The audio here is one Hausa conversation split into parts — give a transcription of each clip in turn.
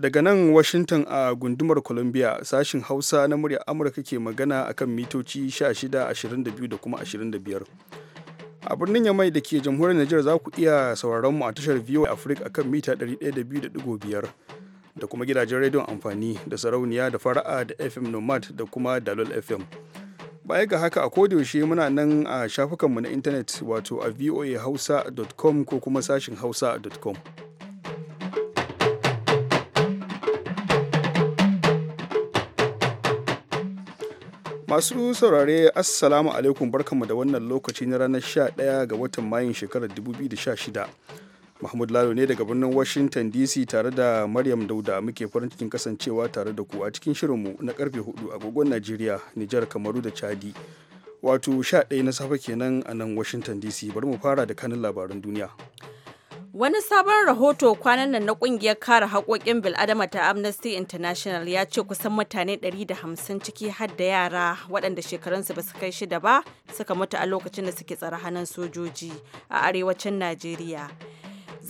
Daga nan Washington a gundumar Columbia sashin Hausa na murya Amurka ke magana akan mitoci 16, da kuma 25. A birnin Yamai da ke jamhuriyar Nijar za ku iya sauraron mu a tashar VOA Africa akan mita 102.5 da kuma gidajen rediyon amfani da sarauniya da fara'a da FM Nomad da kuma Dalol FM. Baya ga haka a kodiyaushe muna nan a shafukanmu na intanet wato a voahausa.com ko kuma sashin hausa.com. Masu saurare Assalamu alaikum barkanmu da wannan lokaci na ranar 11 ga watan Mayun shekarar 2016. Mahmud Lalo ne daga birnin Washington DC tare da Maryam Dauda muke farin cikin kasancewa tare da ku a cikin shirinmu na karfe 4 agogon Najeriya, Nijar, Kamaru da Chadi. Wato 11 na safe kenan a nan Washington DC bari mu fara da kanin labaran duniya. Wani sabon rahoto kwanan nan na kungiyar kare haƙoƙin bil'adama ta Amnesty International ya ce kusan mutane 150 ciki har da yara waɗanda shekarunsu ba su kai shida ba suka mutu a lokacin da suke tsare hannun sojoji a arewacin Najeriya.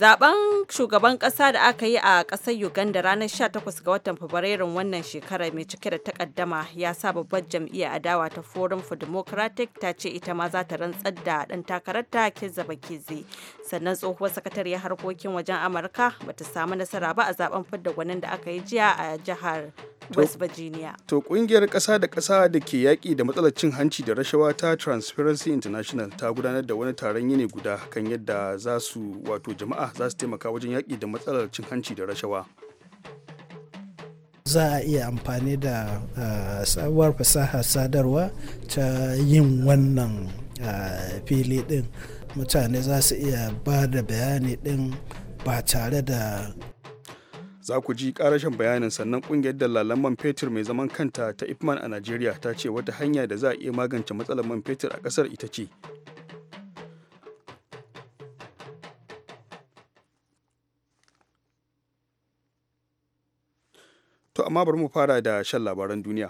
Zaben shugaban kasa da aka yi a kasar Uganda ranar 18 ga watan Fabrairun wannan shekarar mai cike da takaddama ya sa babbar jam'iyyar adawa ta Forum for Democratic ta ce ita ma za ta rantsar da dan takararta Kizza keze Sannan tsohuwar sakatariyar harkokin wajen Amurka ba ta samu nasara ba a zaben fidda gwanin da aka yi jiya a jihar West Virginia. To kungiyar kasa da kasa da ke yaki da matsalar cin hanci da rashawa ta Transparency International ta gudanar da wani taron yini guda kan yadda za su wato jama'a za su taimaka wajen yaƙi da matsalar cin hanci da rashawa za a iya amfani da sabuwar fasaha sadarwa ta yin wannan fili ɗin mutane za su iya ba da bayani ɗin ba tare da za ku ji karashin bayanin sannan kungiyar dalalan man fetur mai zaman kanta ta ifman a najeriya ta ce wata hanya da za a iya magance matsalar man fetur a kasar ita ce amma bari mu fara da shan labaran duniya.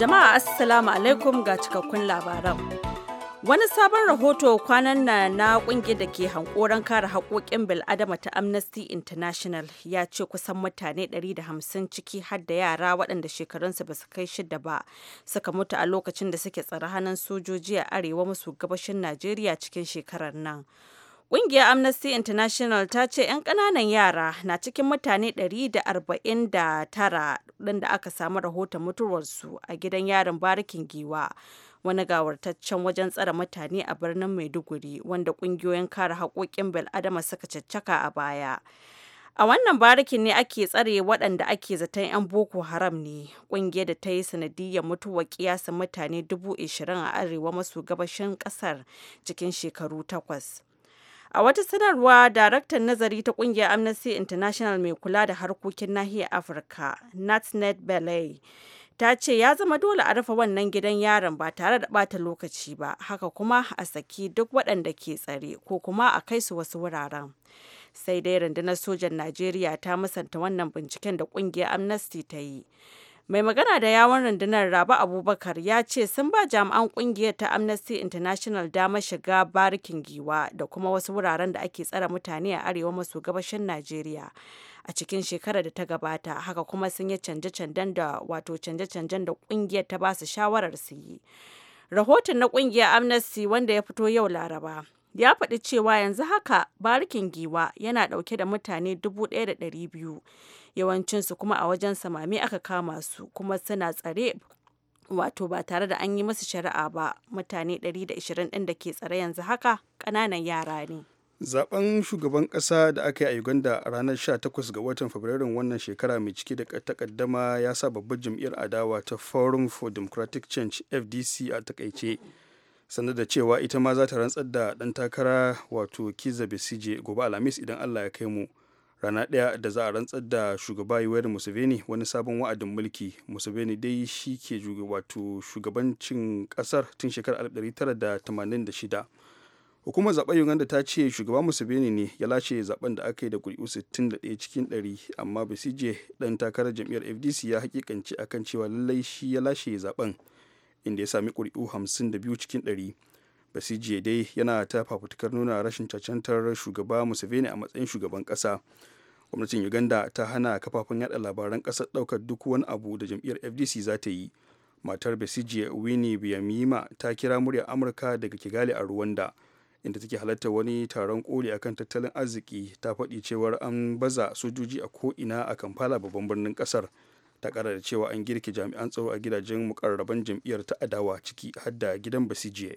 Jama'a Assalamu alaikum ga cikakkun labaran. Wani sabon rahoto kwanan na na kungiyar da ke hankoran kare haƙoƙin bil'adama ta Amnesty International ya ce kusan mutane 150 ciki har da yara waɗanda shekarunsu ba su kai shida ba suka mutu a lokacin da suke tsare hannun sojoji a arewa maso gabashin Najeriya cikin shekarar nan. Ƙungiyar Amnesty International ta ce 'yan ƙananan yara na cikin mutane 149 ɗin da aka samu rahoton mutuwarsu a gidan yarin barikin giwa wani gawartaccen wajen tsare mutane a birnin maiduguri wanda kungiyoyin kare haƙoƙin bil'adama suka caccaka a baya a wannan barikin ne ake tsare waɗanda ake zaton 'yan boko haram ne ƙungiyar da ta yi sanadiyyar mutuwa kiyasin mutane dubu ashirin a arewa maso gabashin ƙasar cikin shekaru takwas A wata sanarwa, daraktan nazari ta ƙungiyar Amnesty International mai kula da harkokin nahiyar Afirka, Natnet Belay, ta ce ya zama dole a rufe wannan gidan yaron ba tare da bata lokaci ba haka kuma a saki duk waɗanda ke tsare ko kuma a kai su wasu wuraren sai dai rundunar sojan najeriya ta musanta wannan binciken da ƙungiyar amnesty ta yi Mai magana da yawon rundunar Rabi Abubakar ya ce sun ba jami'an kungiyar ta Amnesty International damar shiga barikin giwa da kuma wasu wuraren da ake tsare mutane a arewa maso gabashin Najeriya. a cikin shekarar da ta gabata haka kuma sun yi canje-canjen da wato canje-canjen da kungiyar ta ba su shawarar su yi rahoton na kungiyar amnesty wanda ya fito yau laraba ya faɗi cewa yanzu haka barikin giwa yana ɗauke da mutane 1,200 yawancinsu kuma a wajen samami aka kama su kuma suna tsare wato ba tare da an yi musu shari'a ba mutane 120 ɗin da ke tsare yanzu haka ƙananan yara ne zaben shugaban ƙasa da aka yi a uganda a ranar 18 ga watan fabrairun wannan shekara mai ciki da takaddama ya sa babbar jam'iyyar adawa ta forum for democratic change fdc a takaice sanar da cewa ita ma za ta rantsar da ɗan takara wato kiza besije gobe alhamis idan allah ya kai mu rana ɗaya da za a rantsar da shugaba yoweri museveni wani sabon wa'adin mulki museveni dai shi ke wato shugabancin ƙasar tun shekarar 1986 hukumar zaben uganda ta ce shugaba museveni ne ya lashe zaben da aka yi da kuri'u 61 cikin 100 amma basije dan takarar jam'iyyar fdc ya hakikanci akan cewa lallai shi ya lashe zaben inda ya sami kuri'u 52 cikin 100 Basije dai yana ta fafutukar nuna rashin cancantar shugaba Museveni a matsayin shugaban ƙasa. Gwamnatin Uganda ta hana kafafen yada labaran ƙasar ɗaukar duk wani abu da jam'iyyar FDC za ta yi. Matar Basije Winnie biyamima ta kira muryar Amurka daga Kigali a Rwanda. inda take halarta wani taron koli akan tattalin arziki ta faɗi cewar an baza sojoji a ko'ina a kampala babban birnin ƙasar ta kara da cewa an girke jami'an tsaro a gidajen mukarraban jam'iyyar ta adawa ciki har da gidan basijiye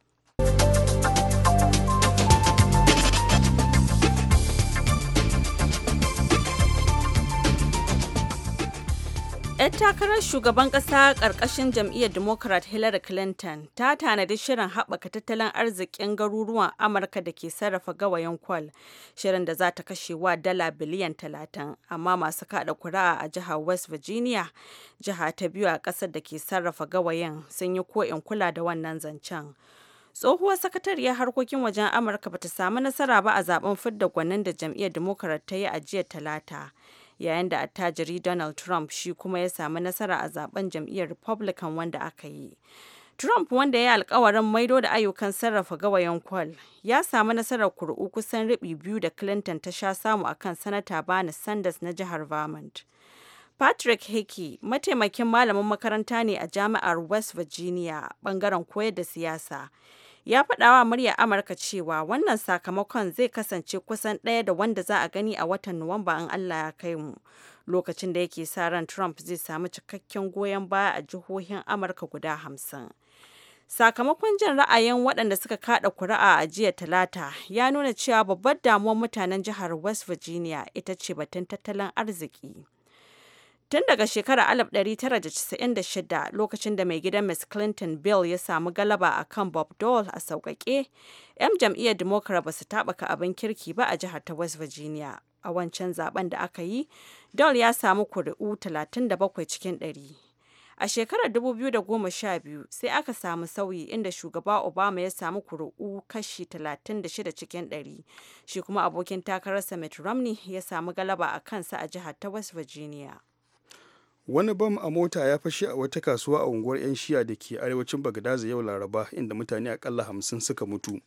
'Yan takarar shugaban ƙasa ƙarƙashin jam'iyyar Democrat Hillary Clinton ta tanadi shirin haɓaka tattalin arzikin garuruwan Amurka da ke sarrafa gawayen kwal, shirin da za ta kashe wa dala biliyan 30 amma masu kaɗa kura'a a jihar West Virginia, jiha ta biyu a ƙasar da ke sarrafa gawayen sun yi ko'in kula da wannan zancen. tsohuwar sakatariyar harkokin wajen amurka bata samu nasara ba a zaben fidda gwanin da jam'iyyar democrat ta yi a jiya talata yayin da attajiri Donald Trump shi kuma ya samu nasara a zaben jam'iyyar Republican wanda aka yi. Trump wanda ya yi alkawarin maido da ayyukan sarrafa gawayen kwal ya samu nasarar kuri'u kusan riɓi biyu da Clinton ta sha samu akan Sanata Bernie Sanders na jihar Vermont. Patrick Hickey, mataimakin malamin makaranta ne a jami'ar West Virginia ɓangaren koyar da siyasa. ya faɗawa muryar Amurka cewa wannan sakamakon zai kasance kusan ɗaya da wanda za a gani a watan Nuwamba in Allah ya kai mu. Lokacin da yake sa ran Trump zai samu cikakken goyon baya a jihohin Amurka guda hamsin. Sakamakon jin ra'ayin waɗanda suka kaɗa kuri'a a jiya Talata ya nuna cewa babbar damuwar mutanen jihar West Virginia ita ce batun tattalin arziki. Tun daga shekarar 1996 lokacin da mai gidan Miss Clinton Bill ya samu galaba a kan Bob Dole a sauƙaƙe, 'yan jam'iyyar Democrat ba su taɓaka abin kirki ba a jihar ta West Virginia. A wancan zaben da aka yi, Dole ya samu kuri'u 37 cikin 100. A shekarar 2012 sai aka samu sauyi inda shugaba Obama ya samu kuri'u kashi 36 cikin 100, shi kuma abokin takararsa Mitt Romney ya samu galaba a kansa a jihar ta West Virginia. wani bam a mota ya fashe a wata kasuwa a unguwar 'yan shiya da ke arewacin bagdaza yau laraba inda mutane akalla hamsin suka mutu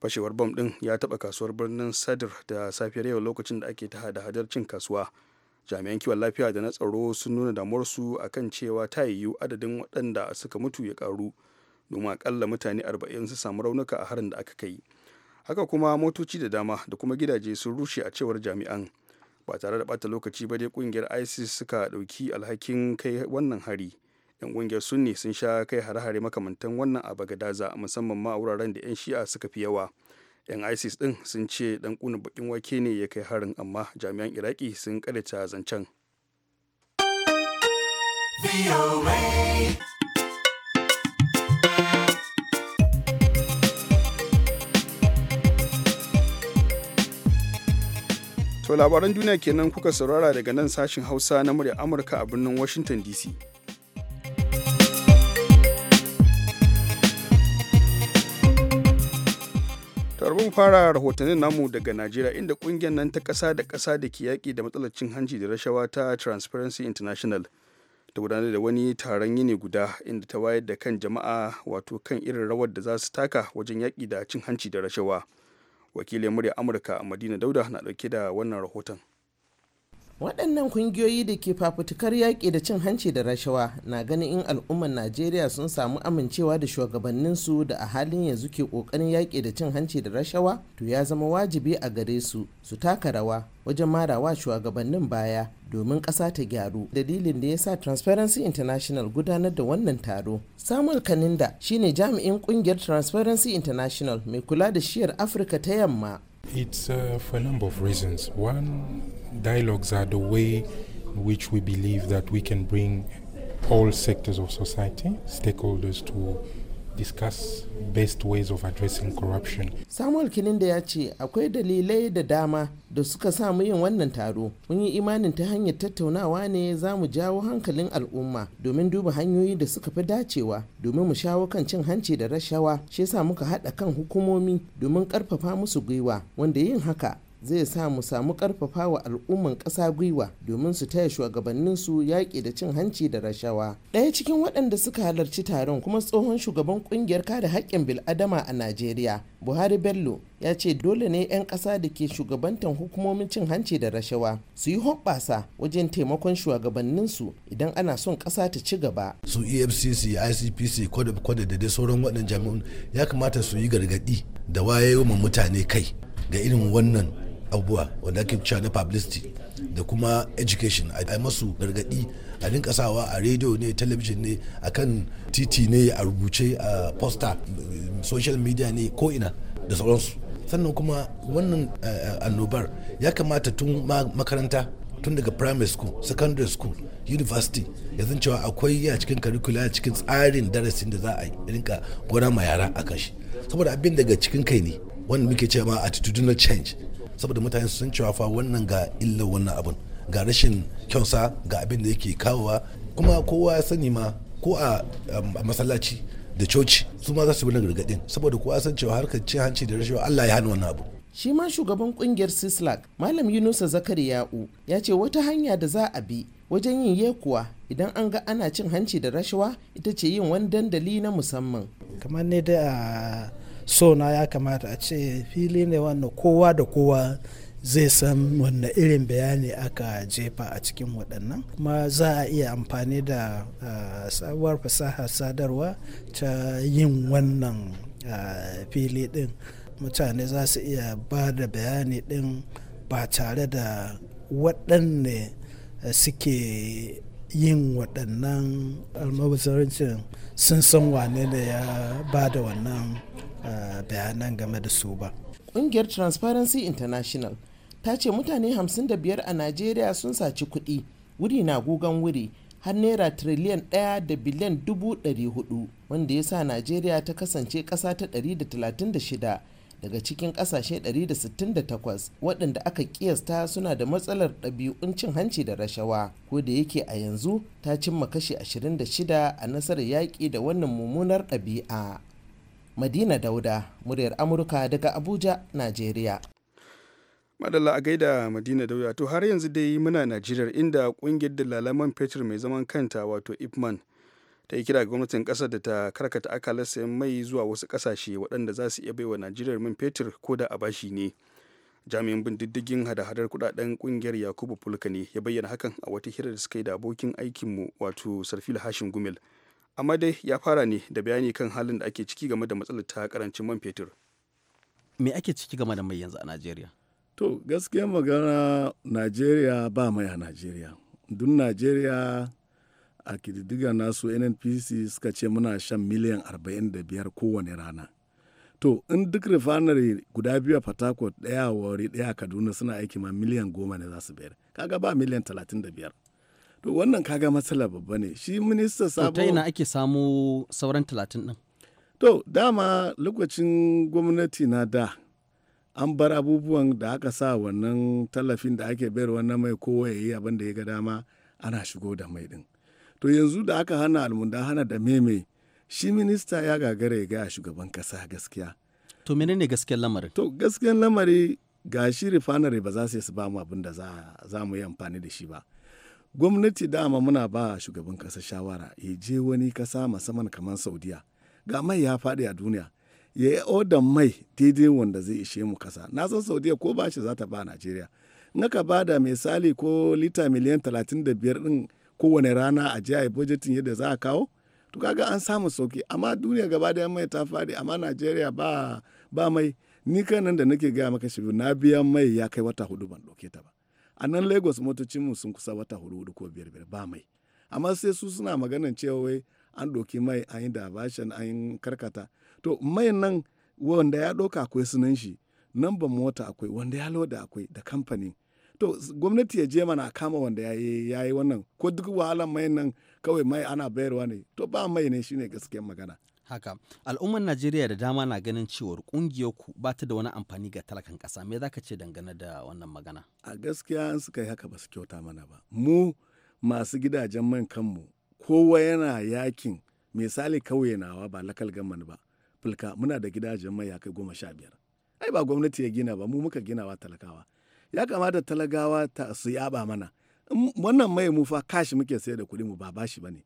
fashewar bam din ya taba kasuwar birnin sadr da safiyar yau lokacin da ake ta hada-hadar cin kasuwa jami'an kiwon lafiya da na tsaro sun nuna damuwarsu akan cewa ta yiwu adadin waɗanda suka mutu ya karu domin akalla mutane arba'in su samu raunuka a harin da aka kai haka kuma motoci da dama da kuma gidaje sun rushe a cewar jami'an ba tare da bata lokaci ba dai kungiyar isis suka ɗauki alhakin kai wannan hari yan kungiyar sunni sun sha kai hare-hare makamantan wannan a bagadaza musamman ma a wuraren da yan shi'a suka fi yawa yan isis din sun ce dan kuna bakin wake ne ya kai harin amma jami'an iraki sun karita zancen. To labaran duniya kenan kuka saurara daga nan sashin Hausa na murya Amurka a birnin Washington DC. mu fara rahotannin namu daga najeriya inda kungiyar nan ta kasa da kasa da ke yaƙi da matsalar cin hanci da rashawa ta transparency international ta gudanar da wani taron yini guda inda ta wayar da kan jama'a wato kan irin rawar da za su taka wajen yaƙi da cin hanci da rashawa wakilin murya amurka madina dauda na dauke da wannan rahoton waɗannan kungiyoyi da ke fafutukar yaƙi da cin hanci da rashawa na ganin in al'ummar najeriya sun samu amincewa da shugabanninsu da a halin yanzu ke ƙoƙarin yaƙi da cin hanci da rashawa to ya zama wajibi a gare su su taka rawa wajen marawa shugabannin baya domin ƙasa ta gyaru dalilin da ya sa transparency international gudanar da wannan taro samuel kaninda shine jami'in ƙungiyar transparency international mai kula da shiyar afirka ta yamma it's uh, for a number of reasons one dialogues are the way in which we believe that we can bring all sectors of society, stakeholders to discuss best ways of addressing corruption. Samuel Kininda ya ce akwai dalilai da dama da suka samu yin wannan taro. Mun yi imanin ta hanyar tattaunawa ne za mu jawo hankalin al'umma domin duba hanyoyi da suka fi dacewa domin mu shawo kan cin hanci da rashawa shi yasa muka haɗa kan hukumomi domin karfafa musu gwiwa wanda yin haka zai sa mu samu karfafa wa al'umman ƙasa gwiwa domin su taya shugabannin su yaƙi da cin hanci da rashawa ɗaya cikin waɗanda suka halarci taron kuma tsohon shugaban ƙungiyar kare haƙƙin bil'adama a najeriya buhari bello ya ce dole ne 'yan ƙasa da ke shugabantan hukumomin cin hanci da rashawa su yi hoɓɓasa wajen taimakon shugabanninsu idan ana son ƙasa ta ci gaba su efcc icpc kwada da dai sauran waɗannan jami'un ya kamata su yi gargaɗi da wayewa mutane kai ga irin wannan abubuwa wanda ake cewa na publicity da kuma education a masu gargadi a rinka sawa a rediyo ne television ne a kan titi ne a rubuce a poster social media ne ko ina da sauransu sannan kuma wannan eh, eh, annobar ya kamata tun makaranta tun daga primary school secondary school university yanzu cewa akwai a cikin curricula a cikin tsarin darasin da za a rinka gona ma yara a kashi saboda abin daga cikin kai ne wanda muke cewa attitudinal change saboda mutane sun cewa fa wannan ga illar wannan abun ga rashin kyansa ga abin da yake kawowa kuma kowa ya sani ma ko a um, masallaci da coci su ma za su bi gargadin saboda kowa san cewa harkar cin hanci da rashawa Allah ya hana wannan abu shi ma shugaban kungiyar sislak malam yunusa zakari ya'u ya ce wata hanya da za a bi wajen yin yekuwa idan an ga ana cin hanci da rashawa ita ce yin wani dandali na musamman kamar ne da sona ya kamata a ce fili ne wannan kowa da kowa zai san wannan irin bayani aka jefa a cikin waɗannan kuma za a iya amfani da sabuwar fasahar sadarwa ta yin wannan fili ɗin mutane za su iya ba da bayani ɗin ba tare da waɗanne suke yin waɗannan almabazarancin sun san wane ne ya ba da wannan bayanan game da su ba ƙungiyar transparency international ta ce mutane 55 a najeriya sun saci kuɗi wuri na gugan wuri har naira tiriliyan ɗaya da biliyan dubu ɗari wanda ya sa najeriya ta kasance ƙasa ta 136 daga cikin ƙasashe 168 waɗanda aka ƙiyasta suna da matsalar ɗabi'un cin hanci da rashawa ko da yake a yanzu ta cimma kashi 26 a nasarar yaƙi da wannan mummunar ɗabi'a madina dauda muryar amurka daga abuja najeriya madalla a gaida madina dauda to har yanzu dai muna najeriya inda kungiyar dalalan fetur mai zaman kanta wato ipman ta yi kira ga gwamnatin kasar da ta karkata akalar sayan mai zuwa wasu kasashe waɗanda za su iya baiwa najeriya man fetur ko da a bashi ne jami'in bin diddigin hada-hadar kudaden kungiyar yakubu fulka ne ya bayyana hakan a wata hira da suka yi da abokin aikinmu wato sarfil Hashim gumel amma ya fara ne da bayani kan halin da ake ciki game da matsalar ta karancin man fetur me ake ciki game da mai yanzu a najeriya to gaskiya magana najeriya ba mai a najeriya duk najeriya a kididdiga nasu nnpc suka ce muna shan miliyan 45 kowane rana to in duk refinery guda biyu a fatakot daya wari daya kaduna suna aiki ma miliyan goma ne za su bayar kaga ba miliyan 35 to wannan kaga matsala babba ne shi minista sabo ta ina ake samu sauran talatin din to dama lokacin gwamnati na da an bar abubuwan da aka sa wannan tallafin da ake bayar wannan mai kowa ya yi abin da ya ga dama ana shigo da mai din to yanzu da aka hana almunda hana da meme shi minista ya gagara ya gaya shugaban kasa gaskiya to menene gaskiyar lamarin to gaskiyar lamari ga shi refinery ba za su ba mu abin da za mu yi amfani da shi ba gwamnati dama muna ba shugaban kasa shawara ya je wani kasa musamman kamar saudiya ga mai ya faɗi a duniya ya yi odan mai daidai wanda zai ishe mu kasa na san saudiya ko ba shi za ta ba najeriya in aka ba da misali ko lita miliyan 35 ɗin kowane rana a jiya budgetin yadda za a kawo to kaga an samu sauki amma duniya gaba da mai ta faɗi amma najeriya ba mai ni kanan da nake gaya maka shi na biyan mai ya kai wata hudu ban ɗauke ta ba a nan lagos motocinmu sun kusa wata hudu ko biyar biyar ba mai amma sai su suna maganan cewa wai an ɗauki mai an yi dabashin an yi karkata to mai nan wanda ya ɗauka akwai sunan shi nan ban mota akwai wanda ya loda akwai da kamfanin to gwamnati ya je mana kama wanda ya yi wannan ko duk wahalan mai nan kawai mai ana bayarwa ne to ba mai ne shine gaskiyar magana haka al'ummar najeriya da dama na ganin cewar ku bata da wani amfani ga talakan kasa me za ka ce dangane da wannan magana a gaskiya an suka yi haka ba su kyauta mana ba mu masu gidajen man kanmu kowa yana yakin misali kauye nawa ba lakal gamman ba fulka muna da gidajen mai ya kai goma sha biyar ai ba gwamnati ya gina ba mu muka ginawa talakawa ya kamata talagawa ta su yaba mana wannan mai mu fa kashi muke sayar da kuɗi mu ba bashi ba ne.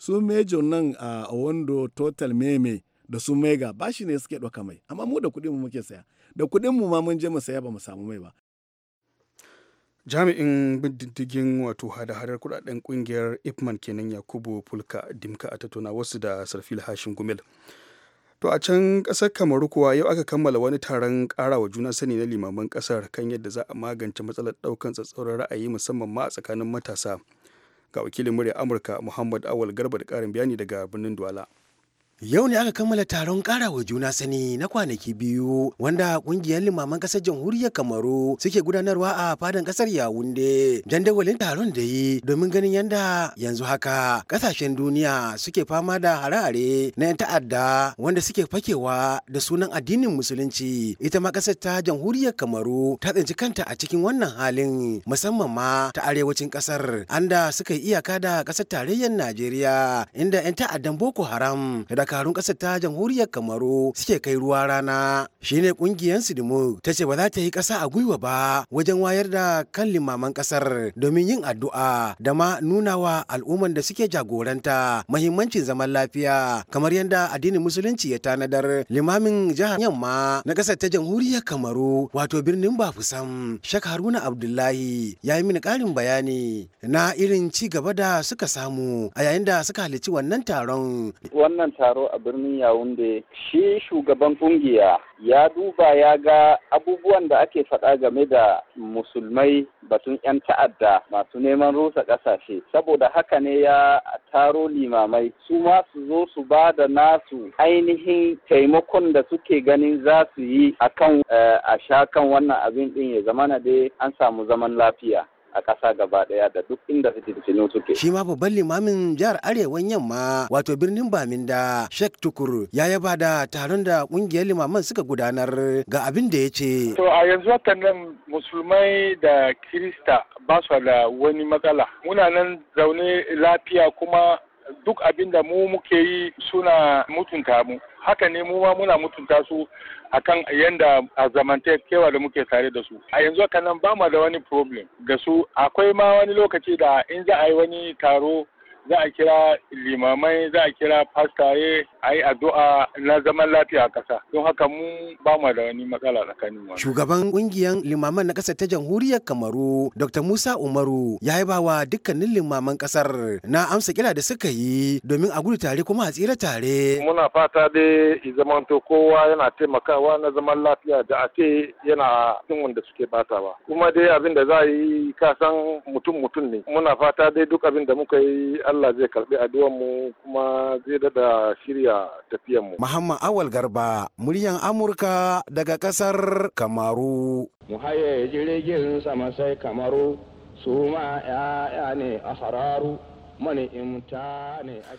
su mejo nan a wando total meme da su mega ba shi ne suke ɗauka mai amma mu da kuɗin mu muke saya da kuɗin mu ma mun je mu saya ba mu samu mai ba jami'in diddigin wato hada-hadar kudaden kungiyar ipman kenan yakubu fulka dimka a tattauna wasu da sarfil hashin gumel to a can kasar kamaru kuwa yau aka kammala wani taron karawa juna sani na limaman kasar kan yadda za a magance matsalar daukan tsatsauran ra'ayi musamman ma a tsakanin matasa ga wakilin murya amurka muhammad awal garba da karin bayani daga birnin duwala Yau ne aka kammala taron wa juna sani na kwanaki biyu wanda ƙungiyar limaman kasar jamhuriyar Kamaru suke gudanarwa a fadan kasar Yawunde. Jandawalin taron da yi domin ganin yadda yanzu haka ƙasashen duniya suke fama da harare na 'yan ta'adda wanda suke fakewa da sunan addinin musulunci. Ita ma kasar ta jamhuriyar Kamaru ta tsinci kanta a cikin wannan halin musamman ma ta arewacin kasar anda suka yi iyaka da ƙasar tarayyar Najeriya inda 'yan ta'addan Boko Haram da dakarun ƙasar ta jamhuriyar kamaru suke kai ruwa rana shine kungiyar sidimu ta ce ba za ta yi ƙasa a gwiwa ba wajen wayar da kan limaman ƙasar domin yin addu'a da ma nuna wa al'umman da suke jagoranta mahimmancin zaman lafiya kamar yadda addinin musulunci ya tanadar limamin jihar yamma na ƙasar ta jamhuriyar kamaru wato birnin bafusam shak haruna abdullahi ya yi mini ƙarin bayani na irin ci gaba da suka samu a yayin da suka halicci wannan taron wannan taron taro a birnin yawunde shi shugaban kungiya ya duba ya ga abubuwan da ake faɗa game da musulmai batun 'yan ta'adda masu neman rusa ƙasashe saboda haka ne ya taro limamai su ma su zo su ba da nasu ainihin taimakon da suke ganin za su yi akan eh, a sha kan wannan abin ɗin ya zamana dai an samu zaman lafiya. a ƙasa gaba ɗaya da duk inda fitintinu suke. Shi ma babban limamin jihar Arewan Yamma wato birnin Baminda Sheikh Tukur ya yaba da taron da ƙungiyar limaman suka gudanar ga abin da ya ce. To a yanzu haka nan musulmai da kirista ba su da wani matsala. Muna nan zaune lafiya kuma duk abin da mu muke yi suna mutunta mu. Haka ne mu ma muna mutunta su akan yanda a kewa da muke tare da su a yanzu haka nan ba mu da wani problem da su akwai ma wani lokaci da in za a yi wani taro za a kira limamai za a kira pastaye a yi addu'a na zaman lafiya a ƙasa don haka mu ba mu da wani matsala tsakanin mu. Shugaban ƙungiyar limaman na ƙasar ta jamhuriyar Kamaru Dr. Musa Umaru ya yi bawa dukkanin limaman ƙasar na amsa kira da suka yi domin a gudu tare kuma a tsira tare. Muna fata dai zamanto kowa yana taimakawa na zaman lafiya da ake yana cin wanda suke batawa. Kuma dai abin da za a yi kasan mutum mutum ne. Muna fata dai duk abin da muka yi Allah zai karbi addu'ar mu kuma zai dada shirya tafiyar mu Muhammad Awal Garba muryan Amurka daga kasar Kamaru mu haye jirgin sama sai Kamaru su ma ya'ya ne a hararu mana'imta ne a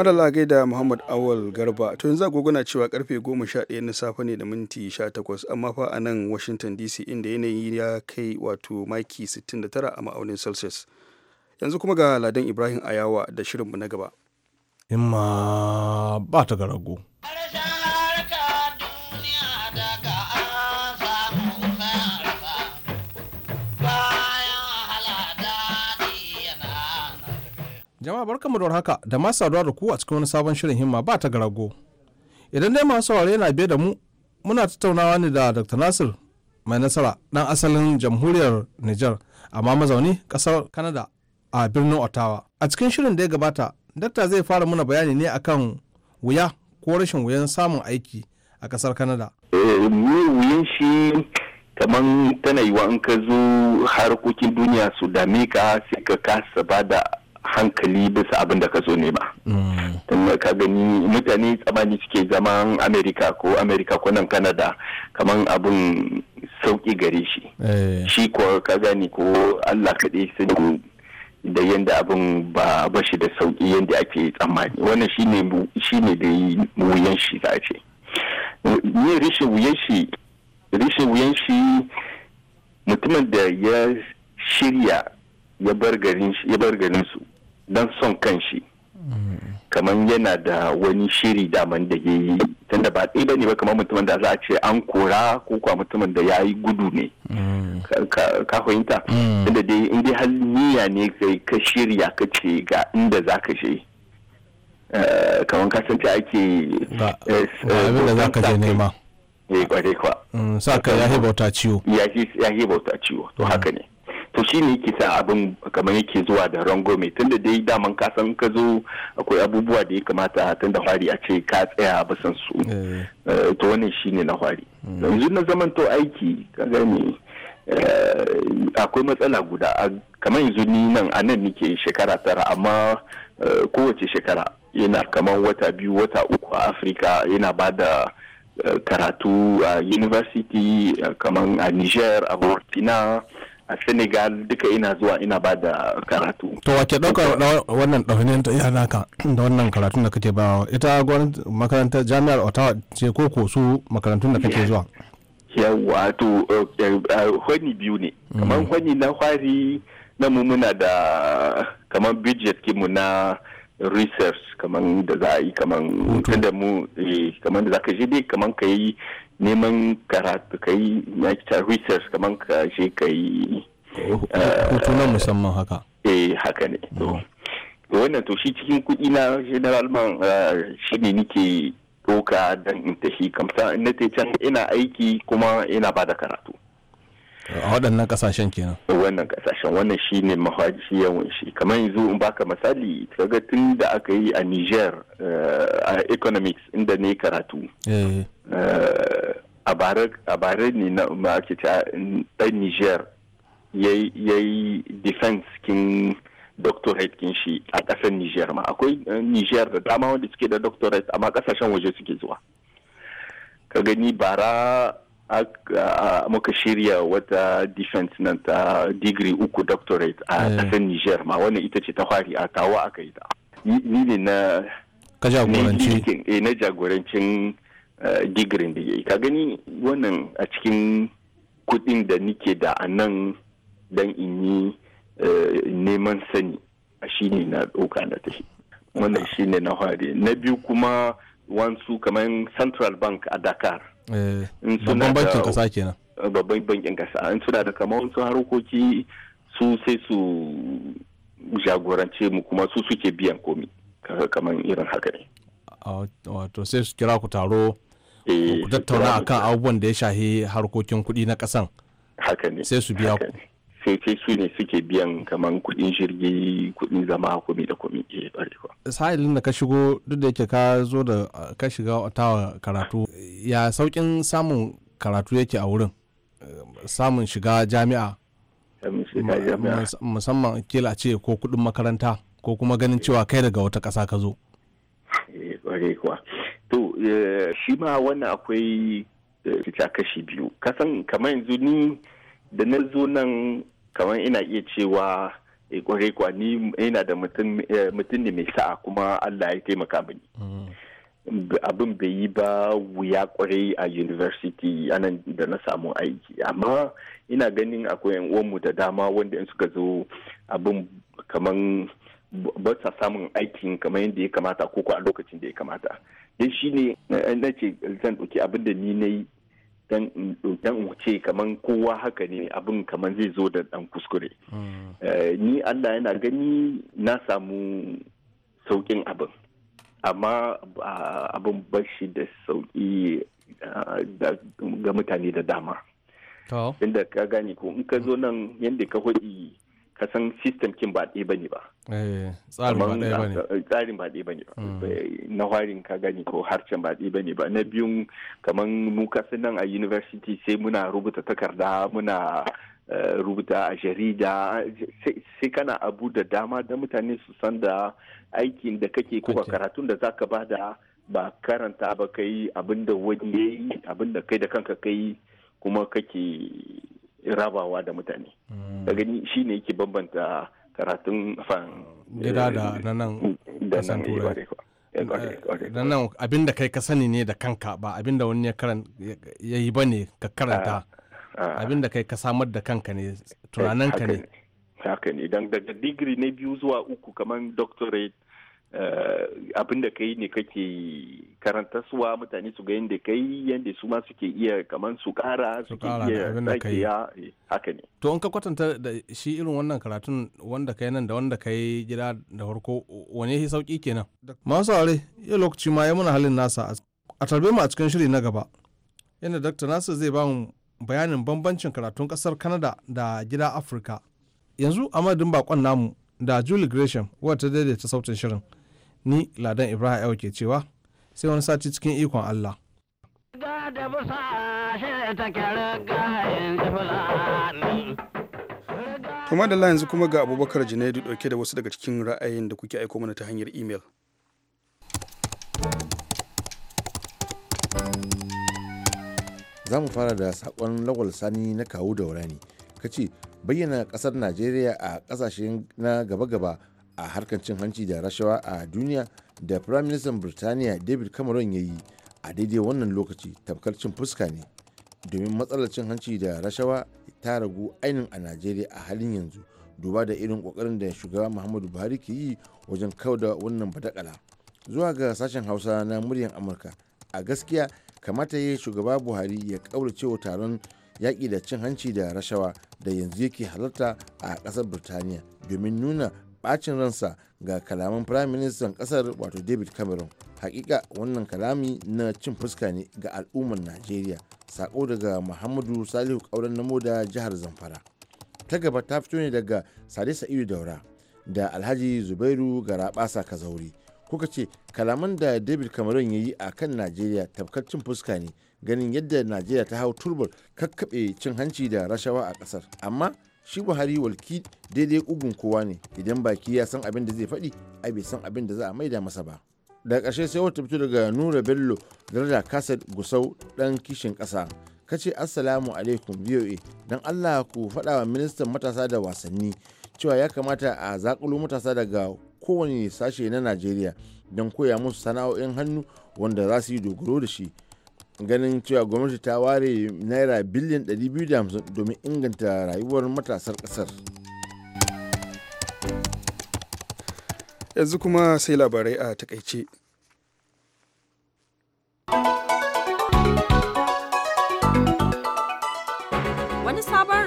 madalla gaida muhammad awal garba to yanzu na cewa karfe goma sha 11 na safe ne da minti 18 amma fa a nan washington dc inda yanayi ya kai wato maki 69 a ma'aunin celsius yanzu kuma ga ladan ibrahim ayawa da shirinmu na gaba imma ba ta garago jama'a barkanmu da haka da masu saduwa da ku a cikin wani sabon shirin himma ba ta garago idan dai masu saurare na biye da mu muna tattaunawa ne da dr nasir mai nasara dan asalin jamhuriyar niger amma mazauni kasar canada a birnin ottawa a cikin shirin da ya gabata dakta zai fara muna bayani ne akan wuya ko rashin wuyan samun aiki a kasar canada eh, wuyan shi kamar tana yiwa in ka zo harkokin duniya su dame ka sai ka kasa ba da hankali bisa abin da ka zo ne ba. Mm. ka gani mutane tsamani suke zaman amerika ko amerika ko nan kanada kaman abin sauki gare shi eh. shi ko ka gani ko allah kaɗai sun da yadda abin ba ba shi da sauki yadda ake tsammani wannan shine da wuyan shi za a ce ne rishin wuyan shi rishin wuyan shi mutumin da ya shirya ya bar garin su don son kan shi kamar yana da wani shiri daman da ya yi tunda ba ɗaya ne ba kamar mutumin da za a ce an kora ko kuwa mutumin da ya yi gudu ne ka fahimta mm. tunda dai in dai har niyya ne kai ka shirya ka ce ga inda za ka je eh, kamar kasance ake ba eh, eh, abin da za ka je nema mm, ya yi kwa sa ka ya bauta ciwo ya bauta ciwo to mm. haka ne to shi ne yake sa abin kamar yake zuwa da rangome tunda dai daman ka san ka zo akwai abubuwa da ya kamata tun da hwari a ce ka tsaya bisan su eh. Eh, to wannan shi ne na hwari mm. yanzu na zamanto aiki ka gani eh, akwai matsala guda kamar yanzu ni nan a nan nike shekara tara amma kowace shekara yana kamar wata biyu wata uku a afirka yana ba da karatu a university kamar a niger a burkina a senegal duka ina zuwa ina ba da karatu to wace ɗaukar wannan ɗaunin ta iya naka da wannan karatun da kake ba ita gwamnati makarantar jami'ar ottawa ce ko ko su makarantun da kake zuwa yawa to hwani eh, eh, eh, biyu ne mm. kamar hwani na hwari na mu da kamar budget kimu na research kamar da za a yi kamar da mu kamar da za ka je dai kamar ka yi neman karatu ka yi research kamar ka je ka yi hoto eh, eh, na musamman haka eh haka ne mm. wannan to shi cikin kuɗi na general man eh, shi ne nike doka don in tafi kamsa in na can ina aiki kuma ina ba da karatu a waɗannan kasashen kenan wannan kasashen wannan shi ne mahajji yawon shi kamar yanzu in baka misali kaga tun da aka yi a niger eh, a economics inda ne karatu eh. Eh, a bare ne na ake ta ɗan niger ya yi defense kin doctorate kin shi a ƙasar niger ma akwai niger da dama wanda suke da doctorate amma ƙasashen waje suke zuwa ka gani bara muka shirya wata defense nan ta digiri uku doctorate a kasar eh. Niger ma wannan ita ce ta hwari a kawo aka yi ta. Ni ne na ka jagoranci eh na jagorancin eh, digirin da yayi ka gani wannan a cikin kudin da nike da a nan dan in yi eh, neman sani a ne na ɗauka na tafi wannan ne na hware na biyu kuma wansu kamar central bank a dakar Eh, babban bankin kasa kenan eh, babban bankin kasa in suna da kama wasu harkoki su sai su jagorance mu kuma su suke biyan komi kamar irin haka ne wato sai su kira ku taro ku eh, tattauna akan abubuwan da ya shahi harkokin kuɗi na ƙasan haka ne sai su biya ku sai sai su ne suke biyan kamar kuɗin jirgi kuɗin zama kumi da kumi ke eh, barewa. sa'ilin da ka shigo duk da yake ka zo da ka shiga watawa karatu ya saukin samun karatu yake a wurin samun shiga jami'a musamman kila ce ko kuɗin makaranta ko kuma ganin cewa kai daga wata ƙasa ka zo. Eh, to eh, shi ma wannan akwai kashi biyu kasan kamar yanzu ni da na zo nan kamar ina iya cewa eh, kwarai kwani ni ina da eh, mutum ne mai sa'a kuma Allah ya taimaka mini mm. abin bai yi ba wuya kwarai a university anan da na samu aiki amma ina ganin akwai uwanmu da dama wanda in suka zo abin kamar ba sa samun aikin kamar yadda ya kamata ko a lokacin da ya kamata don shi ne eh, na ce zan ɗauki abin da ni na yi dan wuce kaman kowa haka ne abin kaman zai zo da dan kuskure hmm. eh, ni allah yana gani na samu saukin abin amma abin bashi da sauki ah, ga mutane da dama inda ka gane ko in ka zo nan yadda ka hudi kasan san system kin ba ɗaya bane ba eh, eh, tsarin ba ɗaya bane ba hmm. na warin ka gani ko harcen ba ɗaya bane ba na biyun kamar mu nan a university sai muna rubuta takarda muna eh, rubuta a jarida sai kana abu da dama da mutane su san da aikin da kake ko karatun da zaka bada ba karanta ba kai abinda wani yayi abinda kai da kanka kai kuma kake rabawa da mutane da mm. gani shi ne yake bambanta karatun fan eh, gida da na nan kasan eh, turai da eh, nan abin da kai ka sani ne da kanka ba abin da wani ya yi ba ne ka karanta ah, ah. abin da kai ka samar da kanka ne ka ne haka ne idan daga digiri na biyu zuwa uku kamar doctorate Eh, abin da kai ne kake karantarsuwa mutane su ga yadda kai yadda su ma suke iya kamar su kara su suke iya sakeya eh, haka ne to in ka kwatanta da shi irin wannan karatun wanda kai nan da wanda kai gida da farko wane shi sauki kenan masu aure ya lokaci ma ya muna halin nasa a tarbe mu a cikin shiri na gaba yadda dr nasa zai ba mu bayanin bambancin karatun kasar kanada da gida afirka yanzu a madadin bakon namu da julie gresham wata ta daidaita sautin shirin ni ladan ibrahim yau ke cewa sai wani sati cikin ikon allah kuma da yanzu kuma ga abubakar junaidu dauke da wasu daga cikin ra'ayin da kuke aiko mana ta hanyar imel za mu fara da sakon lawal sani na kawo da wurani ka ce bayyana kasar najeriya a kasashe na gaba-gaba a harkar cin hanci da rashawa a duniya da prime minister birtaniya david cameron ya yi a daidai wannan lokaci tabkar cin fuska ne domin matsalar cin hanci da rashawa ta ragu ainin a najeriya a halin yanzu duba da irin kokarin da shugaba muhammadu buhari ke yi wajen da wannan badakala zuwa ga sashen hausa na muryar amurka a gaskiya kamata ya shugaba buhari ya wa taron yaƙi da cin hanci da rashawa da yanzu yake halarta a ƙasar birtaniya domin nuna bacin ransa ga kalaman firaministan kasar wato david cameron hakika wannan kalami na cin fuska ne ga al'ummar najeriya sako daga muhammadu salihu kauran namo da jihar zamfara ta gaba ta fito ne daga sade sa'idu daura da alhaji zubairu ka zauri kuka ce kalaman da david cameron ya yi a kan najeriya tafkar cin fuska ne ganin yadda najeriya ta hau turbar kakkaɓe cin hanci da rashawa a ƙasar amma shi buhari walki daidai ugun kowa ne idan baki ya san abin da zai faɗi a bai san abin da za a maida masa ba da ƙarshe sai wata fito daga nura bello darada kasad gusau ɗan kishin ƙasa kace assalamu alaikum voa don allah ku faɗa wa ministan matasa da wasanni cewa ya kamata a zakulo matasa daga kowane sashe na najeriya don koya musu sana'o'in hannu wanda za su yi dogaro da shi ganin cewa gwamnati ta ware naira biliyan 250 domin inganta rayuwar matasar kasar yanzu kuma sai labarai a takaice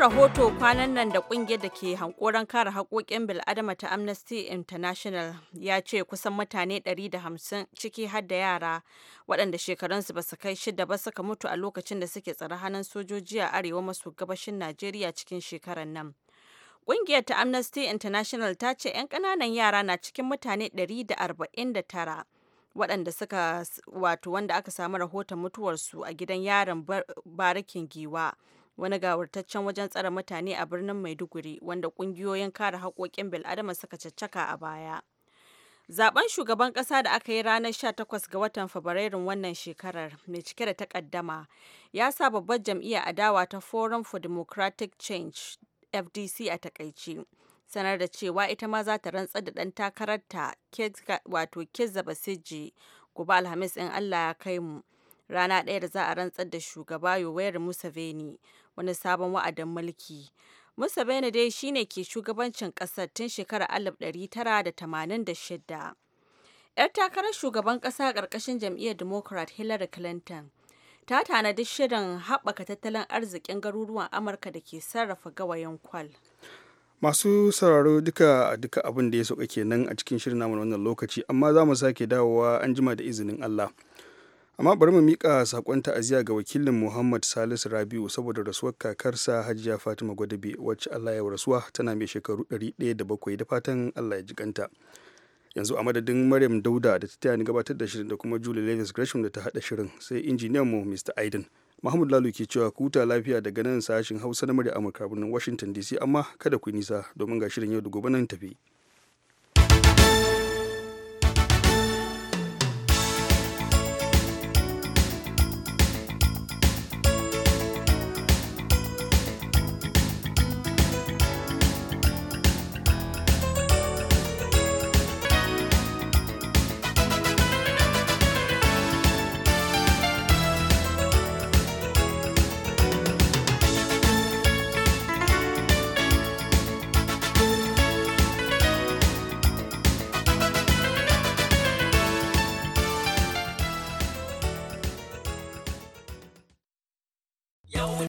rahoto kwanan nan da kungiyar da ke hankoron kare haƙoƙin bil'adama ta Amnesty International ya ce kusan mutane 150 ciki har da yara waɗanda shekarunsu ba su kai shida ba suka mutu a lokacin da suke tsare hannun sojoji a arewa maso gabashin Najeriya cikin shekarar nan. Ƙungiyar ta Amnesty International ta ce 'yan ƙananan yara na cikin mutane 149 waɗanda suka wato wanda aka samu rahoton mutuwarsu a gidan yaron barikin giwa. wani gawurtaccen wajen tsare mutane a birnin maiduguri wanda kungiyoyin kare haƙoƙin bil'adama suka caccaka a baya zaben shugaban ƙasa da aka yi ranar 18 ga watan fabrairun wannan shekarar mai cike da takaddama ya sa babbar jam'iyyar adawa ta forum for democratic change fdc a takaici sanar da cewa ita ma za ta rantsar da ɗan takararta wato kezza basiji gobe alhamis in allah ya kai mu rana ɗaya da za a rantsar da shugaba yoweri museveni wani sabon wa'adin mulki. Musa Bene dai ne ke shugabancin ƙasar tun shekarar 1986. 'Yar takarar shugaban ƙasa ƙarƙashin jam'iyyar Democrat Hillary Clinton ta tanadi shirin haɓaka tattalin arzikin garuruwan Amurka da ke sarrafa gawayin kwal. masu sauraro duka duka abin da ya sauka kenan a cikin shirin namu wannan lokaci amma za mu sake dawowa an jima da izinin Allah. amma bari mu mika sakon ta'aziyya ga wakilin Muhammad Salisu Rabiu saboda rasuwar kakarsa Hajiya Fatima Gwadabe wacce Allah ya rasuwa tana mai shekaru 107 da fatan Allah ya jikanta. Yanzu a madadin Maryam Dauda da ta taya ni gabatar da shirin da kuma Julie Lewis Gresham da ta hada shirin sai injiniyan mu Mr. Aiden. Mahmud Lalu ke cewa kuta lafiya daga nan sashen Hausa na murya Amurka birnin Washington DC amma kada ku nisa domin ga shirin yau da gobe nan tafi.